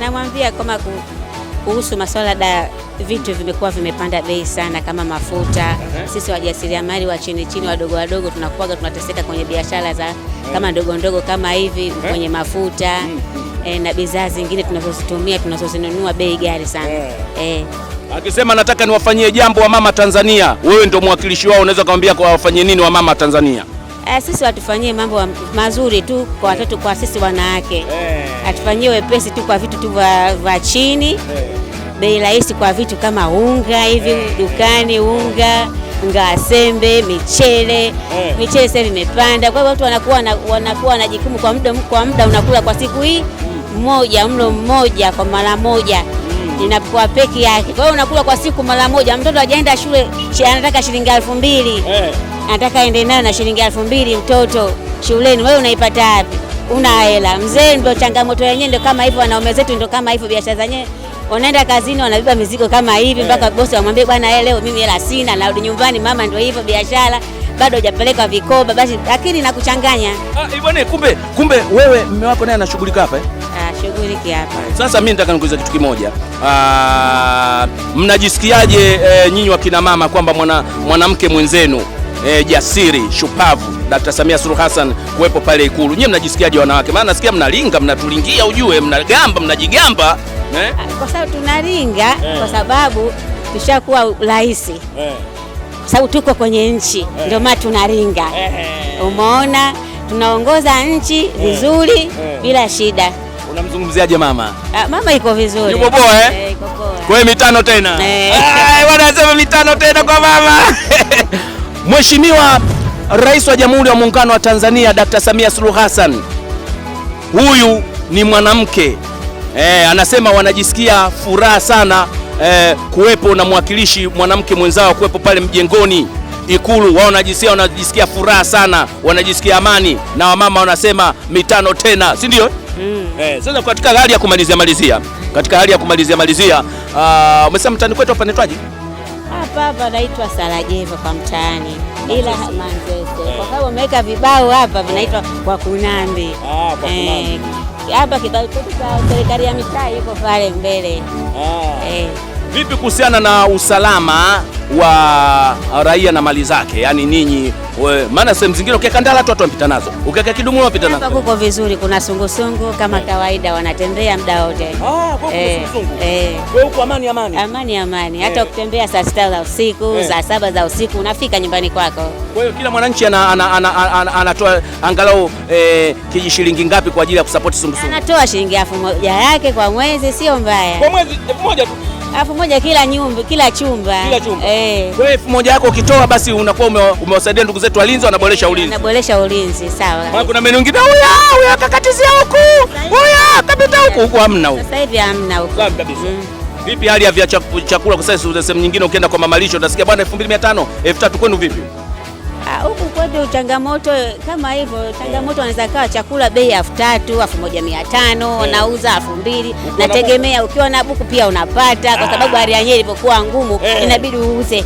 namwambia kama kuhusu masuala da vitu vimekuwa vimepanda bei sana, kama mafuta. Sisi wajasiriamali wa chini chini wadogo wadogo tunakuwaga tunateseka kwenye biashara za kama ndogo ndogo kama hivi kwenye mafuta mm, mm, mm. e, na bidhaa zingine tunazozitumia tunazozinunua bei ghali sana e. Akisema nataka niwafanyie jambo wa mama Tanzania, wewe ndio mwakilishi wao, unaweza kumwambia kwa wafanyie nini wa mama Tanzania? Eh, sisi watufanyie mambo mazuri tu kwa watoto, kwa sisi wanawake eh, atufanyie wepesi tu kwa vitu tu vya chini eh, bei rahisi kwa vitu kama unga hivi eh, dukani unga ngaa sembe, michele eh, Michele sasa imepanda, kwa hiyo watu wanakuwa na, wanakuwa na jukumu kwa muda kwa muda, unakula kwa siku hii mmoja mlo mmoja kwa mara moja mm. peke peki yake, kwa hiyo unakula kwa siku mara moja. Mtoto hajaenda shule anataka shilingi elfu mbili eh nataka aende nayo na shilingi elfu mbili mtoto shuleni, wewe unaipata wapi? Una hela mzee? Ndio changamoto yenyewe, ndio kama hivyo. Wanaume zetu ndio kama hivyo, biashara zenyewe wanaenda kazini wanabeba mizigo kama hivi eh. mpaka yeah. Bosi amwambie bwana, leo mimi hela sina, narudi nyumbani mama. Ndio hivyo biashara, bado hujapeleka vikoba, basi lakini nakuchanganya. Ah, eh, bwana, kumbe kumbe wewe mume wako naye anashughulika hapa eh? Ah, shughuliki hapa. Sasa mimi nataka nikuuliza kitu kimoja. Ah, mnajisikiaje eh, nyinyi wakina mama kwamba mwanamke mwana mwenzenu e, jasiri shupavu Dkt. Samia Suluhu hasan kuwepo pale Ikulu. Nyie mnajisikiaje wanawake? Maana nasikia mnalinga, mnatulingia, ujue mnagamba, mnajigamba eh? eh? Kwa sababu tunalinga eh, kwa sababu tushakuwa rahisi eh, kwa sababu tuko kwenye nchi eh, ndio maana tunalinga eh. Umeona tunaongoza nchi eh. vizuri eh, bila shida. Unamzungumziaje mama? A, ah, mama iko vizuri. Yuko poa eh? Eh, poa. Kwa mitano tena. Eh. Ah, wanasema mitano tena kwa mama. Mheshimiwa Rais wa Jamhuri ya Muungano wa Tanzania Dr. Samia Suluhu Hassan, huyu ni mwanamke e, anasema wanajisikia furaha sana e, kuwepo na mwakilishi mwanamke mwenzao kuwepo pale mjengoni Ikulu, wao wanajisikia wanajisikia furaha sana, wanajisikia amani, na wamama wanasema mitano tena, si ndio? Mm. Eh, sasa katika hali ya kumalizia malizia, katika hali ya kumalizia malizia, ah, umesema mtani kwetu hapa naitwaje? hapa naitwa Sarajevo kwa mtaani, ila Manzese kwa sababu wameweka vibao hapa vinaitwa kwa kunambi ah, eh, hapa, kibao cha serikali ya mitaa iko pale mbele ah. eh. Vipi kuhusiana na usalama wa raia na mali zake, yaani ninyi? Maana sehemu zingine ukiweka ndala tu watu wanapita nazo, ukiweka kidumu wanapita nazo. kuko vizuri, kuna sungusungu kama eh. kawaida, wanatembea muda wote. Ah, eh, eh. Huko amani amani, amani amani, hata ukitembea saa sita za usiku, saa saba za usiku unafika nyumbani kwako. Kwa hiyo kila mwananchi anatoa angalau shilingi ngapi kwa ajili ya kusapoti sungusungu? Anatoa shilingi elfu moja yake kwa mwezi, sio mbaya, kwa mwezi elfu moja tu elfu moja kila nyumba, kila chumba, kila chumba. Eh. Kwa elfu moja yako ukitoa basi unakuwa umewasaidia ndugu zetu walinzi, wanaboresha ulinzi, wanaboresha ulinzi. Sawa, kuna menu nyingine, huyo huyo akakatizia huku, Huyo kapita huku, huku hamna huko. Sasa hivi hamna huko. Sawa kabisa. Mm. Vipi hali ya vya chakula kwa sasa? Sehemu nyingine ukienda kwa mamalisho utasikia bwana 2500 3000 kwenu vipi? Ah, huku sababu changamoto kama hivyo changamoto, yeah. kawa chakula bei elfu tatu elfu moja mia tano unauza eh. yeah. elfu mbili nategemea, ukiwa na buku pia unapata Kwa ah. sababu hali ya ilivyokuwa ngumu yeah. Inabidi uuze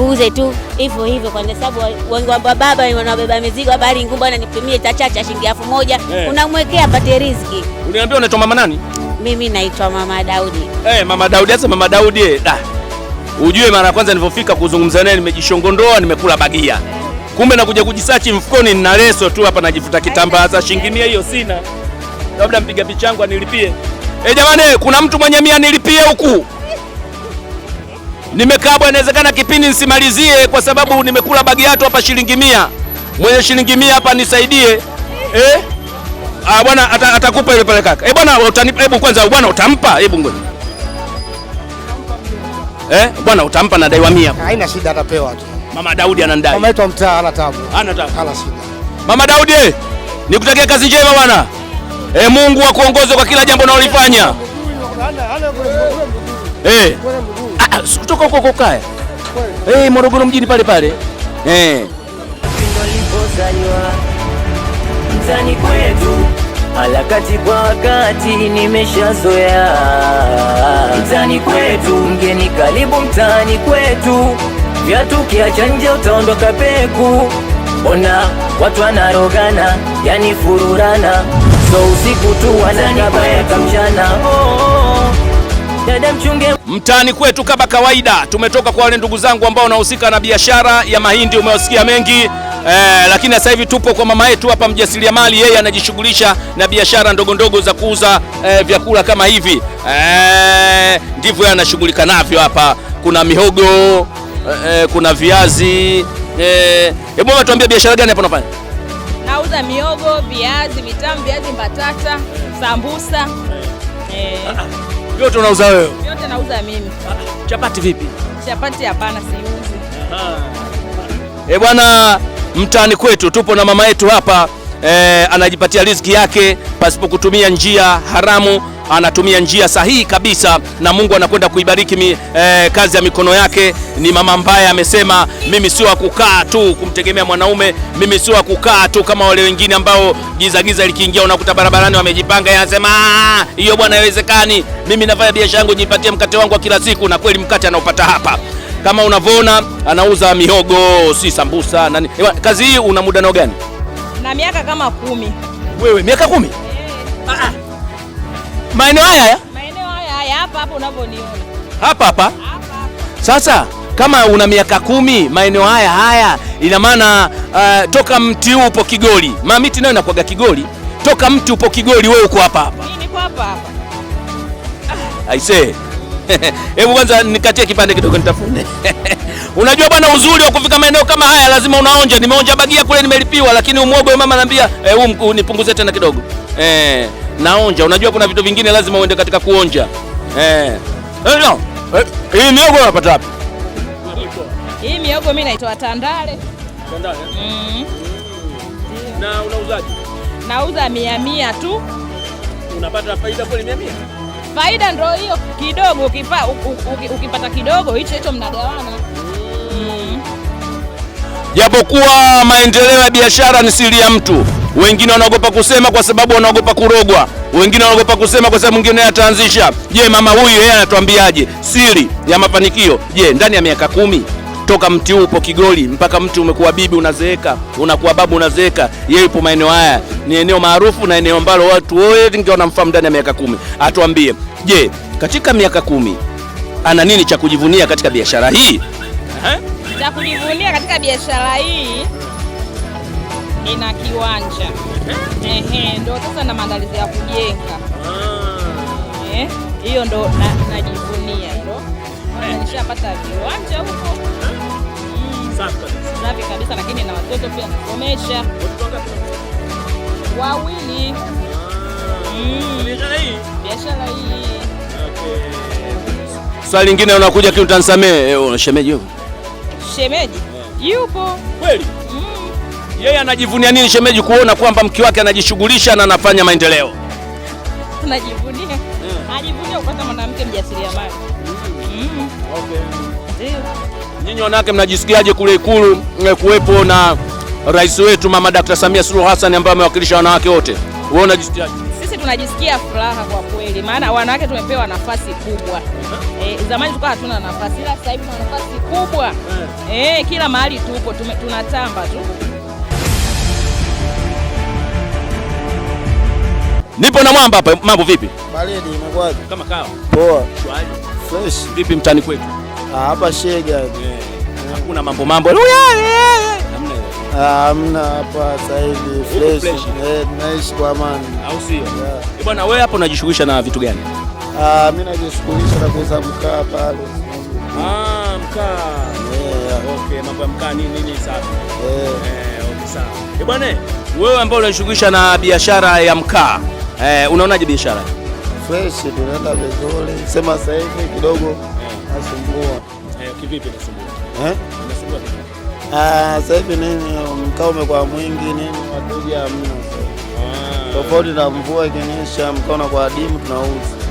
uuze tu hivyo hivyo, kwa sababu wengi wa baba wanaobeba mizigo, habari ngumu bwana, nipimie tachacha shilingi elfu moja yeah. Unamwekea apate riziki. Uniambia unaitwa mama nani? Mimi naitwa mama Daudi. Hey, eh, mama Daudi, sasa mama Daudi da. Ujue mara ya kwanza nilipofika kuzungumza naye nimejishongondoa, nimekula bagia kumbe nakuja kujisachi mfukoni nina leso tu hapa, najifuta kitambaa za shilingi mia. Hiyo sina, labda mpiga picha yangu anilipie. Eh jamani, kuna mtu mwenye mia nilipie huku? Nimekaa bwana, inawezekana kipindi nisimalizie kwa sababu nimekula bagi yatu hapa shilingi mia. Mwenye shilingi mia hapa nisaidie eh? Ah bwana, atakupa ile pale kaka. Eh bwana, utanipa hebu kwanza bwana, utampa hebu ngoja eh bwana, utampa na daiwa 100. Haina shida, atapewa tu. Mama Daudi anandai. Mama yetu mtaa ana tabu. Ana tabu. Hala shida. Mama Daudi, nikutakia kazi njema bwana. E, Mungu akuongoze kwa kila jambo unalolifanya. Eh. Ah, ah kutoka huko huko kaya. Eh, Morogoro mjini pale pale. Eh. Mtani kwetu alakati kwa wakati nimeshazoea. Mtani kwetu mgeni karibu mtani kwetu Viatu kiachanja utaondoka peku. Ona watu wanarogana, yani fururana. So usiku tu wanagabaya mchana. mtaani kwetu kama kawaida, tumetoka kwa wale ndugu zangu ambao wanahusika na biashara ya mahindi, umewasikia mengi Eh, lakini sasa hivi tupo kwa mama yetu hapa mjasiriamali, yeye anajishughulisha na biashara ndogo ndogo za kuuza eh, vyakula kama hivi eh, ndivyo anashughulika navyo hapa. Kuna mihogo Eh, eh, kuna viazi. eh, Hebu eh, tuambie biashara gani hapo unafanya? Nauza miogo, viazi vitamu, viazi mbatata, sambusa. Eh. Vyote eh. ah, ah, unauza wewe? Yote nauza mimi. Ah, chapati vipi? Chapati hapana siuzi. Eh, bwana mtaani kwetu tupo na mama yetu hapa eh, anajipatia riziki yake pasipo kutumia njia haramu anatumia njia sahihi kabisa, na Mungu anakwenda kuibariki mi, eh, kazi ya mikono yake. Ni mama ambaye amesema mimi sio wa kukaa tu kumtegemea mwanaume, mimi sio wa kukaa tu kama wale wengine ambao giza giza likiingia unakuta barabarani wamejipanga, yanasema ah, hiyo bwana, haiwezekani. Mimi nafanya biashara yangu, nijipatie mkate wangu wa kila siku, na kweli mkate anaopata hapa kama unavyoona anauza mihogo, si sambusa nani. Ewa, eh, kazi hii una muda nao gani? na miaka kama kumi. Wewe miaka kumi? Eh. ah. ah maeneo haya hapa hapa. Sasa kama una miaka kumi maeneo haya haya, ina maana uh, toka mti huu upo Kigoli, mamiti nayo inakwaga Kigoli, toka mti upo Kigoli, wewe uko hapa hapa ah. aisee. Hebu kwanza nikatie kipande kidogo nitafune. Unajua bwana, uzuri wa kufika maeneo kama haya lazima unaonja. Nimeonja bagia kule, nimelipiwa, lakini umwogo mama anambia, eh, huu nipunguze tena kidogo eh naonja. Unajua kuna vitu vingine lazima uende katika kuonja eh. Eh, eh hii miogo unapata wapi? Hii miogo mimi naitoa Tandale. Tandale? Mm. Na unauzaje? Nauza mia mia tu. Unapata faida kweli mia mia? Faida ndio hiyo kidogo, ukipa, ukipata kidogo hicho hicho mnagawana. Mm. Japokuwa maendeleo ya biashara ni siri ya mtu wengine wanaogopa kusema kwa sababu wanaogopa kurogwa, wengine wanaogopa kusema kwa sababu mwingine ataanzisha. Je, mama huyu yeye anatuambiaje siri ya mafanikio? Je, ndani ya miaka kumi toka mti huu upo Kigoli mpaka mti umekuwa bibi unazeeka, unakuwa babu unazeeka, yeye yupo maeneo haya. Ni eneo maarufu na eneo ambalo watu wengi wanamfahamu. Ndani ya miaka kumi atuambie, je, katika miaka kumi ana nini cha kujivunia katika biashara hii? Cha kujivunia katika biashara hii ina kiwanja ehe, ndo sasa na maandalizi ya kujenga ah. eh, hiyo, ndo najivunia ndo nishapata viwanja huko eh, safi kabisa, lakini na watoto pia nasomesha wawili. Ah. Mm. Biashara hii swali lingine unakuja kitu, utanisamehe eh, shemeji, shemeji yupo kweli yeye anajivunia nini shemeji, kuona kwamba mke wake anajishughulisha na anafanya maendeleo? Anajivunia hmm. Anajivunia kupata mwanamke mjasiriamali. hmm. Okay. Nyinyi wanawake mnajisikiaje kule Ikulu eh, kuwepo na rais wetu Mama Dr. Samia Suluhu Hassan ambaye amewakilisha wanawake wote? Wewe unajisikiaje? Sisi tunajisikia furaha kwa kweli, maana wanawake tumepewa nafasi kubwa. E, zamani tulikuwa hatuna nafasi, ila sasa hivi tuna nafasi kubwa. E, kila mahali tupo, tunatamba tu. tume. Nipo na mwamba hapa. Mambo vipi? Baridi imekwaje? Kama kawa. Poa. Shwari. Fresh. Vipi mtani kwetu? Ah, hapa shega. Yeah. Hakuna yeah. mambo mambo. yeah, yeah. Ah, Hamna hapa sasa hivi fresh. Eh, tunaishi kwa amani. Au sio? Yeah. Eh, bwana wewe hapo unajishughulisha na vitu gani? Ah, mimi najishughulisha na kuuza mkaa pale. Ah, mkaa. Yeah. Okay, mambo ya mkaa nini nini sasa? Eh. Yeah. Eh, okay sawa. Eh, bwana wewe ambao unajishughulisha na biashara ya mkaa Eh, unaonaje biashara? Fresh tunaenda vizuri. Sema sasa hivi kidogo nasumbua. Eh, kivipi nasumbua? Eh? Nasumbua kivipi? Ah, sasa hivi nini mkao umekuwa mwingi nini wateja hamna. Ah. Tofauti na mvua ikinyesha mkao na kwa adimu tunauza.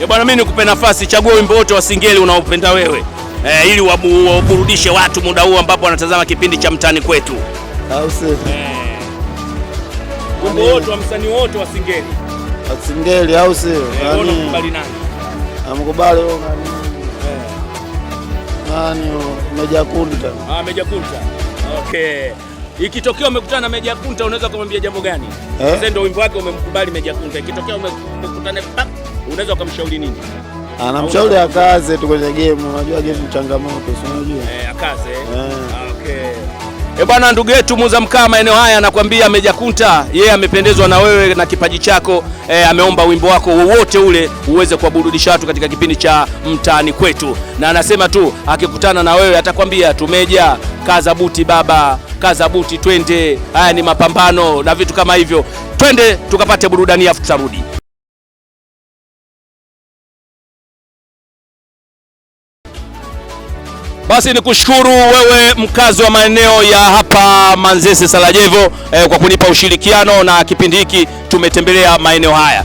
Eh, bwana mimi nikupe nafasi chagua wimbo wote wa Singeli unaopenda wewe. Eh, ili waburudishe watu muda huu ambapo wanatazama kipindi cha mtaani kwetu. Au sasa. Eh wimbo wote wa msanii wote wa Singeli wa Singeli, au sio? Unamkubali eh, nani? Namkubali nani? Eh. Meja Kunta. Ah, Meja Kunta. Okay. Ikitokea umekutana na Meja Kunta unaweza kumwambia jambo gani? Eh? Sasa ndio wimbo wake umemkubali Meja Kunta. Ikitokea umekutana unaweza kumshauri nini? Anamshauri akaze tu kwenye game, unajua game changamoto, si unajua? Eh, akaze. Ah, okay. E bwana, ndugu yetu muza mkaa maeneo haya anakuambia amejakunta yeye, yeah, amependezwa na wewe na kipaji chako e, ameomba wimbo wako wowote ule uweze kuwaburudisha watu katika kipindi cha mtaani kwetu, na anasema tu akikutana na wewe atakwambia tumeja, kaza buti baba, kaza buti, twende, haya ni mapambano na vitu kama hivyo. Twende tukapate burudani afu tutarudi. Basi ni kushukuru wewe mkazi wa maeneo ya hapa Manzese Sarajevo eh, kwa kunipa ushirikiano na kipindi hiki tumetembelea maeneo haya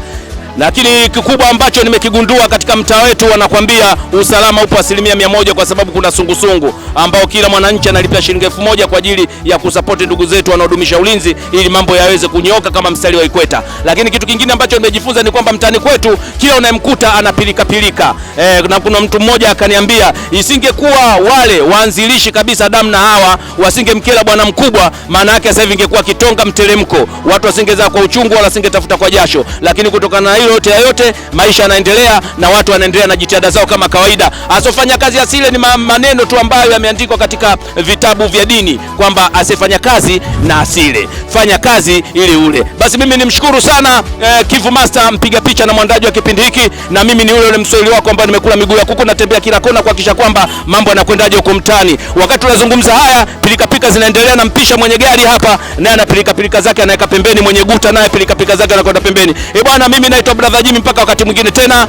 lakini kikubwa ambacho nimekigundua katika mtaa wetu wanakwambia usalama upo asilimia mia moja kwa sababu kuna sungusungu ambao kila mwananchi analipia shilingi elfu moja kwa ajili ya kusapoti ndugu zetu wanaodumisha ulinzi ili mambo yaweze kunyoka kama mstari wa ikweta. Lakini kitu kingine ambacho nimejifunza ni kwamba mtaani kwetu kila unayemkuta anapilika pilika. E, na kuna mtu mmoja akaniambia isingekuwa wale waanzilishi kabisa damu na hawa wasingemkela bwana mkubwa, maana yake sasa hivi ingekuwa kitonga mteremko, watu wasingezaa kwa uchungu wala singetafuta kwa jasho, lakini kutokana na matatizo yote ya yote, maisha yanaendelea na watu wanaendelea na jitihada zao kama kawaida. Asofanya kazi asile ni maneno tu ambayo yameandikwa katika vitabu vya dini kwamba asifanya kazi na asile, fanya kazi ili ule. Basi mimi nimshukuru sana eh, Kivu Master mpiga picha na mwandaji wa kipindi hiki, na mimi ni yule yule mswahili wako ambaye nimekula miguu ya kuku, natembea kila kona kuhakikisha kwamba mambo yanakwendaje huko mtaani. Wakati tunazungumza haya, pilika pilikapilika zinaendelea na mpisha mwenye gari hapa naye ana pilika pilika zake anaweka pembeni, mwenye guta naye pilika pilikapilika zake anakwenda pembeni. Eh bwana, mimi naitwa brother Jimmy, mpaka wakati mwingine tena,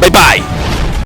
bye bye.